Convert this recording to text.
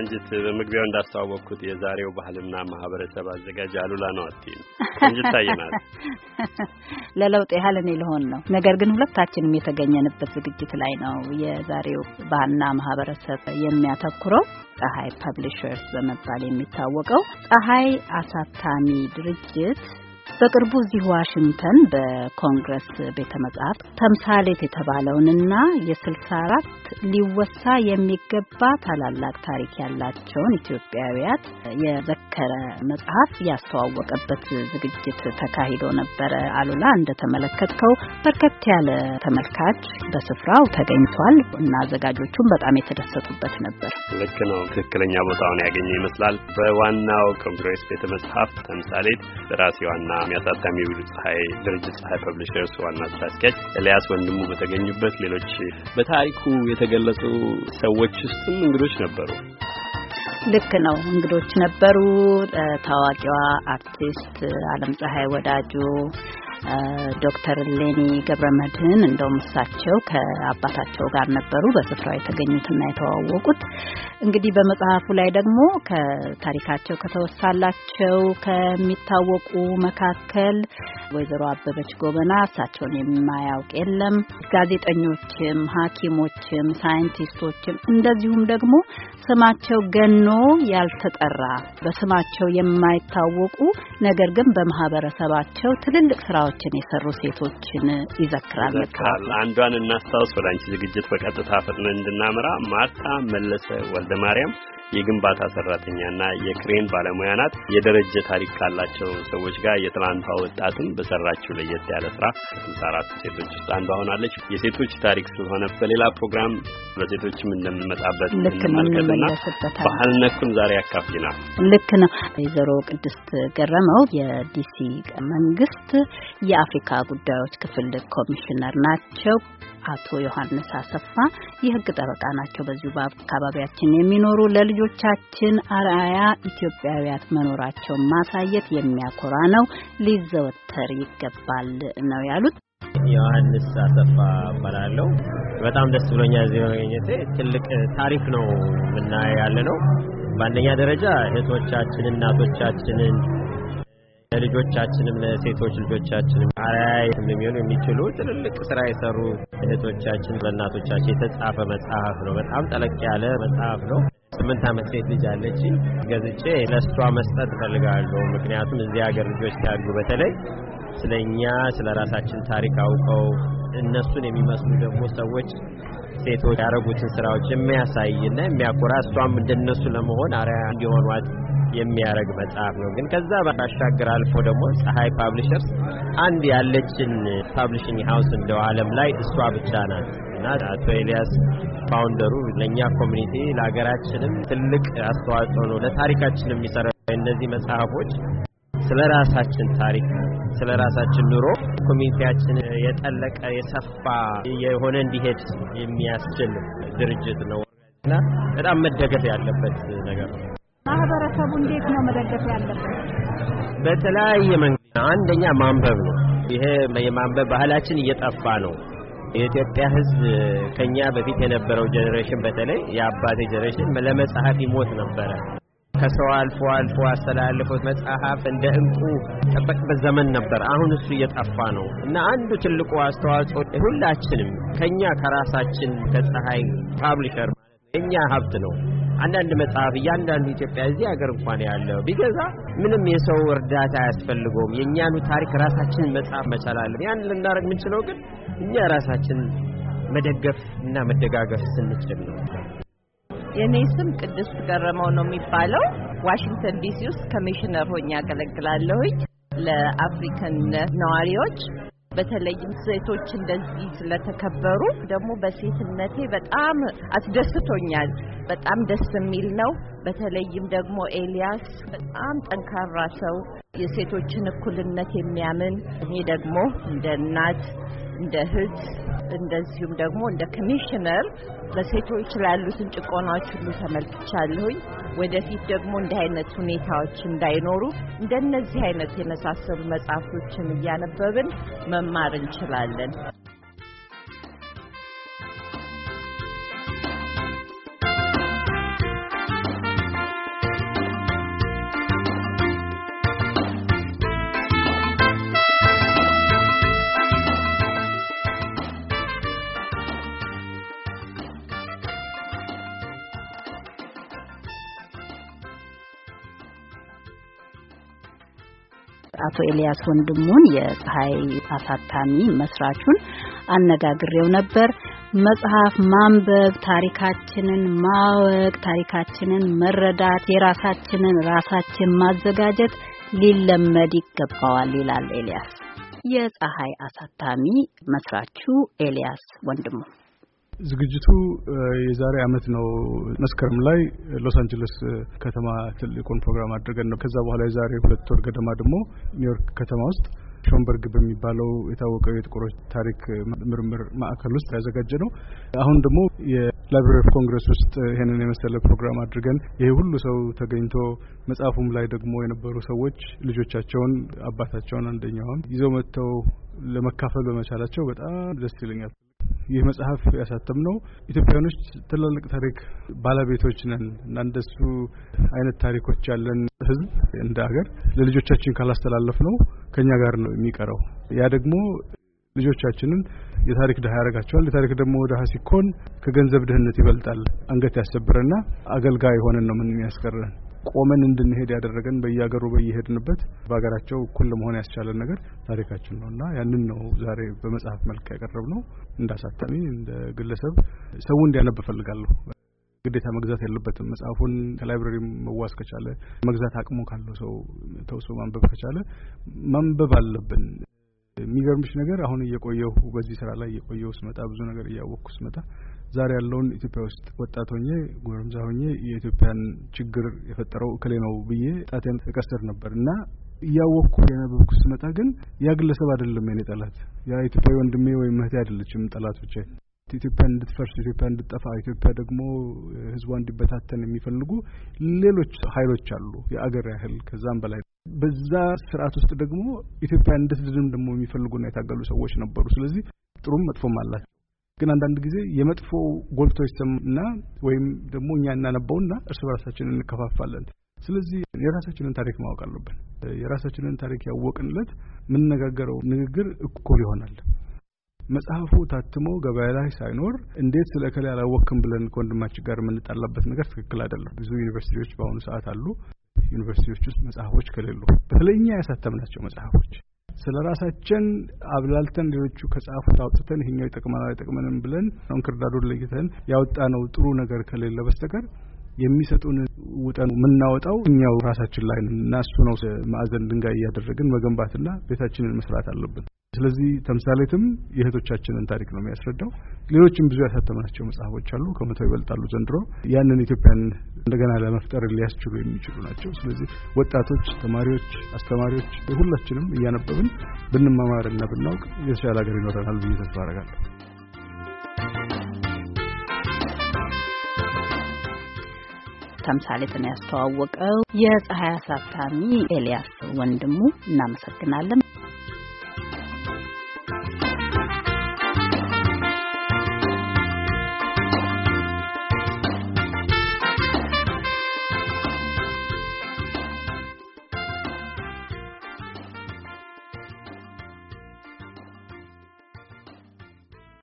ቆንጅት፣ በመግቢያው እንዳስተዋወቅኩት የዛሬው ባህልና ማህበረሰብ አዘጋጅ አሉላ ነው። አትይም ቆንጅት ታየናል። ለለውጥ ያህል እኔ ልሆን ነው። ነገር ግን ሁለታችንም የተገኘንበት ዝግጅት ላይ ነው የዛሬው ባህልና ማህበረሰብ የሚያተኩረው። ፀሐይ ፐብሊሸርስ በመባል የሚታወቀው ፀሐይ አሳታሚ ድርጅት በቅርቡ እዚህ ዋሽንግተን በኮንግረስ ቤተ መጻሕፍት ተምሳሌት የተባለውንና የስልሳ አራት ሊወሳ የሚገባ ታላላቅ ታሪክ ያላቸውን ኢትዮጵያውያት የዘከረ መጽሐፍ ያስተዋወቀበት ዝግጅት ተካሂዶ ነበረ። አሉላ እንደተመለከትከው በርከት ያለ ተመልካች በስፍራው ተገኝቷል እና አዘጋጆቹም በጣም የተደሰቱበት ነበር። ልክ ነው። ትክክለኛ ቦታውን ያገኘ ይመስላል። በዋናው ኮንግረስ ቤተ መጽሐፍት ተምሳሌት ዋና የመልካም አሳታሚ ብሉ ፀሐይ ድርጅት ፀሐይ ፐብሊሸርስ ዋና ስራ አስኪያጅ ኤልያስ ወንድሙ በተገኙበት ሌሎች በታሪኩ የተገለጹ ሰዎች ውስጥም እንግዶች ነበሩ። ልክ ነው። እንግዶች ነበሩ። ታዋቂዋ አርቲስት አለም ፀሐይ ወዳጁ ዶክተር ሌኒ ገብረ መድህን እንደውም እሳቸው ከአባታቸው ጋር ነበሩ በስፍራው የተገኙትና የተዋወቁት። እንግዲህ በመጽሐፉ ላይ ደግሞ ከታሪካቸው ከተወሳላቸው ከሚታወቁ መካከል ወይዘሮ አበበች ጎበና እሳቸውን የማያውቅ የለም። ጋዜጠኞችም፣ ሐኪሞችም፣ ሳይንቲስቶችም እንደዚሁም ደግሞ ስማቸው ገኖ ያልተጠራ በስማቸው የማይታወቁ ነገር ግን በማህበረሰባቸው ትልልቅ ስራዎችን የሰሩ ሴቶችን ይዘክራል። አንዷን እናስታውስ። ወደ አንቺ ዝግጅት በቀጥታ ፈጥነን እንድናመራ ማርታ መለሰ ወል ወልደ ማርያም የግንባታ ሰራተኛና የክሬን ባለሙያ ናት። የደረጀ ታሪክ ካላቸው ሰዎች ጋር የትላንቷ ወጣትም በሰራችው ለየት ያለ ስራ ከስልሳ አራት ሴቶች ውስጥ አንዷ ሆናለች። የሴቶች ታሪክ ስለሆነ በሌላ ፕሮግራም በሴቶችም እንደምንመጣበት እንመልከትና ባህል ነኩን ዛሬ ያካፍልናል። ልክ ነው። ወይዘሮ ቅድስት ገረመው የዲሲ መንግስት የአፍሪካ ጉዳዮች ክፍል ኮሚሽነር ናቸው። አቶ ዮሐንስ አሰፋ የህግ ጠበቃ ናቸው። በዚሁ በአካባቢያችን የሚኖሩ ለልጆቻችን አርአያ ኢትዮጵያውያት መኖራቸውን ማሳየት የሚያኮራ ነው፣ ሊዘወተር ይገባል ነው ያሉት። ዮሐንስ አሰፋ እባላለሁ። በጣም ደስ ብሎኛል እዚህ በመገኘቴ። ትልቅ ታሪክ ነው ምናየው ያለ ነው። በአንደኛ ደረጃ እህቶቻችን እናቶቻችንን ለልጆቻችንም ለሴቶች ልጆቻችንም አርአያ እንደሚሆኑ የሚችሉ ትልልቅ ስራ የሰሩ እህቶቻችን በእናቶቻችን የተጻፈ መጽሐፍ ነው። በጣም ጠለቅ ያለ መጽሐፍ ነው። ስምንት ዓመት ሴት ልጅ አለች። ገዝቼ ለእሷ መስጠት እፈልጋለሁ። ምክንያቱም እዚህ ሀገር ልጆች ሲያድጉ በተለይ ስለ እኛ ስለ ራሳችን ታሪክ አውቀው እነሱን የሚመስሉ ደግሞ ሰዎች ሴቶች ያደረጉትን ስራዎች የሚያሳይና የሚያኮራ እሷም እንደነሱ ለመሆን አርአያ እንዲሆኗት የሚያደርግ መጽሐፍ ነው። ግን ከዛ ባሻገር አልፎ ደግሞ ፀሐይ ፓብሊሸርስ አንድ ያለችን ፓብሊሽንግ ሃውስ እንደው ዓለም ላይ እሷ ብቻ ናት እና አቶ ኤልያስ ፋውንደሩ ለእኛ ኮሚኒቲ ለሀገራችንም ትልቅ አስተዋጽኦ ነው፣ ለታሪካችንም የሚሰራ እነዚህ መጽሐፎች ስለ ራሳችን ታሪክ፣ ስለ ራሳችን ኑሮ ኮሚኒቲያችን የጠለቀ የሰፋ የሆነ እንዲሄድ የሚያስችል ድርጅት ነው እና በጣም መደገፍ ያለበት ነገር ነው። ማህበረሰቡ እንዴት ነው መደገፍ ያለበት? በተለያየ መንገድ አንደኛ ማንበብ ነው። ይሄ የማንበብ ባህላችን እየጠፋ ነው። የኢትዮጵያ ሕዝብ ከኛ በፊት የነበረው ጀኔሬሽን በተለይ የአባቴ ጀኔሬሽን ለመጽሐፍ ይሞት ነበረ። ከሰው አልፎ አልፎ አስተላለፉት መጽሐፍ እንደ እንቁ ጠበቅበት ዘመን ነበር። አሁን እሱ እየጠፋ ነው እና አንዱ ትልቁ አስተዋጽኦ ሁላችንም ከኛ ከራሳችን ከፀሐይ ፓብሊሸር የኛ ሀብት ነው። አንዳንድ መጽሐፍ እያንዳንዱ ኢትዮጵያ እዚህ ሀገር እንኳን ያለው ቢገዛ ምንም የሰው እርዳታ አያስፈልገውም። የእኛኑ ታሪክ ራሳችንን መጻፍ መቻል አለን። ያን ልናደርግ የምንችለው ግን እኛ ራሳችን መደገፍ እና መደጋገፍ ስንችል ነው። የእኔ ስም ቅድስት ገረመው ነው የሚባለው። ዋሽንግተን ዲሲ ውስጥ ኮሚሽነር ሆኜ ያገለግላለሁኝ ለአፍሪካን ነዋሪዎች በተለይም ሴቶች እንደዚህ ስለተከበሩ ደግሞ በሴትነቴ በጣም አስደስቶኛል። በጣም ደስ የሚል ነው። በተለይም ደግሞ ኤልያስ በጣም ጠንካራ ሰው የሴቶችን እኩልነት የሚያምን እኔ ደግሞ እንደ እናት እንደ እህት እንደዚሁም ደግሞ እንደ ኮሚሽነር በሴቶች ላሉትን ያሉትን ጭቆናዎች ሁሉ ተመልክቻለሁኝ። ወደፊት ደግሞ እንዲህ አይነት ሁኔታዎች እንዳይኖሩ እንደነዚህ አይነት የመሳሰሉ መጽሐፎችን እያነበብን መማር እንችላለን። አቶ ኤልያስ ወንድሙን የፀሐይ አሳታሚ መስራቹን አነጋግሬው ነበር። መጽሐፍ ማንበብ፣ ታሪካችንን ማወቅ፣ ታሪካችንን መረዳት፣ የራሳችንን ራሳችን ማዘጋጀት ሊለመድ ይገባዋል ይላል ኤልያስ የፀሐይ አሳታሚ መስራቹ ኤልያስ ወንድሙን ዝግጅቱ የዛሬ አመት ነው መስከረም ላይ ሎስ አንጀለስ ከተማ ትልቁን ፕሮግራም አድርገን ነው። ከዛ በኋላ የዛሬ ሁለት ወር ገደማ ደግሞ ኒውዮርክ ከተማ ውስጥ ሾምበርግ በሚባለው የታወቀው የጥቁሮች ታሪክ ምርምር ማዕከል ውስጥ ያዘጋጀ ነው። አሁን ደግሞ የላይብራሪ ኦፍ ኮንግረስ ውስጥ ይህንን የመሰለ ፕሮግራም አድርገን ይሄ ሁሉ ሰው ተገኝቶ መጽሐፉም ላይ ደግሞ የነበሩ ሰዎች ልጆቻቸውን፣ አባታቸውን አንደኛውን ይዘው መጥተው ለመካፈል በመቻላቸው በጣም ደስ ይለኛል። ይህ መጽሐፍ ያሳተም ነው። ኢትዮጵያውያኖች ትላልቅ ታሪክ ባለቤቶች ነን እና እንደሱ አይነት ታሪኮች ያለን ህዝብ እንደ ሀገር ለልጆቻችን ካላስተላለፍ ነው ከኛ ጋር ነው የሚቀረው። ያ ደግሞ ልጆቻችንን የታሪክ ድሃ ያደርጋቸዋል። የታሪክ ደግሞ ድሃ ሲኮን ከገንዘብ ድህነት ይበልጣል። አንገት ያሰብረና አገልጋይ ሆነን ነው ምን የሚያስቀረን ቆመን እንድንሄድ ያደረገን በየሀገሩ በየሄድንበት በሀገራቸው እኩል ለመሆን ያስቻለን ነገር ታሪካችን ነው እና ያንን ነው ዛሬ በመጽሐፍ መልክ ያቀረብ ነው። እንዳሳታሚ እንደ ግለሰብ ሰው እንዲያነብ እፈልጋለሁ። ግዴታ መግዛት የለበትም። መጽሐፉን ከላይብረሪ መዋስ ከቻለ መግዛት አቅሙ ካለው ሰው ተውሶ ማንበብ ከቻለ ማንበብ አለብን። የሚገርምሽ ነገር አሁን እየቆየሁ በዚህ ስራ ላይ እየቆየሁ ስመጣ ብዙ ነገር እያወቅኩ ስመጣ ዛሬ ያለውን ኢትዮጵያ ውስጥ ወጣት ሆኜ ጎረምሳ ሆኜ የኢትዮጵያን ችግር የፈጠረው እክሌ ነው ብዬ ጣቴን እቀስር ነበር እና እያወቅኩ የነበብኩ ስመጣ ግን ያ ግለሰብ አይደለም የኔ ጠላት፣ ያ ኢትዮጵያዊ ወንድሜ ወይም እህቴ አይደለችም ጠላት ብቻ ኢትዮጵያ እንድትፈርስ ኢትዮጵያ እንድትጠፋ ኢትዮጵያ ደግሞ ሕዝቧ እንዲበታተን የሚፈልጉ ሌሎች ኃይሎች አሉ። የአገር ያህል ከዛም በላይ በዛ ስርዓት ውስጥ ደግሞ ኢትዮጵያ እንድትድንም ደግሞ የሚፈልጉና የታገሉ ሰዎች ነበሩ። ስለዚህ ጥሩም መጥፎም አላቸው። ግን አንዳንድ ጊዜ የመጥፎ ጎልቶ ይሰማና ወይም ደግሞ እኛ እናነባውና እርስ በራሳችን እንከፋፋለን። ስለዚህ የራሳችንን ታሪክ ማወቅ አለብን። የራሳችንን ታሪክ ያወቅንለት የምንነጋገረው ንግግር እኩል ይሆናል። መጽሐፉ ታትሞ ገበያ ላይ ሳይኖር እንዴት ስለ እከሌ ብለን ከወንድማችን ጋር የምንጣላበት ነገር ትክክል አይደለም። ብዙ ዩኒቨርሲቲዎች በአሁኑ ሰዓት አሉ። ዩኒቨርሲቲዎች ውስጥ መጽሐፎች ከሌሉ በተለይኛ ያሳተምናቸው መጽሐፎች ስለ ራሳችን አብላልተን ሌሎቹ ከጻፉት አውጥተን ይሄኛው ይጠቅመናል አይጠቅመንም ብለን እንክርዳዱን ለይተን ያወጣነው ጥሩ ነገር ከሌለ በስተቀር የሚሰጡን ውጠን የምናወጣው እኛው ራሳችን ላይ እና እሱ ነው ማዕዘን ድንጋይ እያደረግን መገንባትና ቤታችንን መስራት አለብን። ስለዚህ ተምሳሌትም የእህቶቻችንን ታሪክ ነው የሚያስረዳው። ሌሎችም ብዙ ያሳተምናቸው መጽሐፎች አሉ፣ ከመቶ ይበልጣሉ ዘንድሮ። ያንን ኢትዮጵያን እንደገና ለመፍጠር ሊያስችሉ የሚችሉ ናቸው። ስለዚህ ወጣቶች፣ ተማሪዎች፣ አስተማሪዎች ሁላችንም እያነበብን ብንማማርና ብናውቅ የተሻለ ሀገር ይኖረናል ብዬ ተስፋ አደርጋለሁ። ተምሳሌትን ያስተዋወቀው የፀሐይ አሳታሚ ኤልያስ ወንድሙ እናመሰግናለን።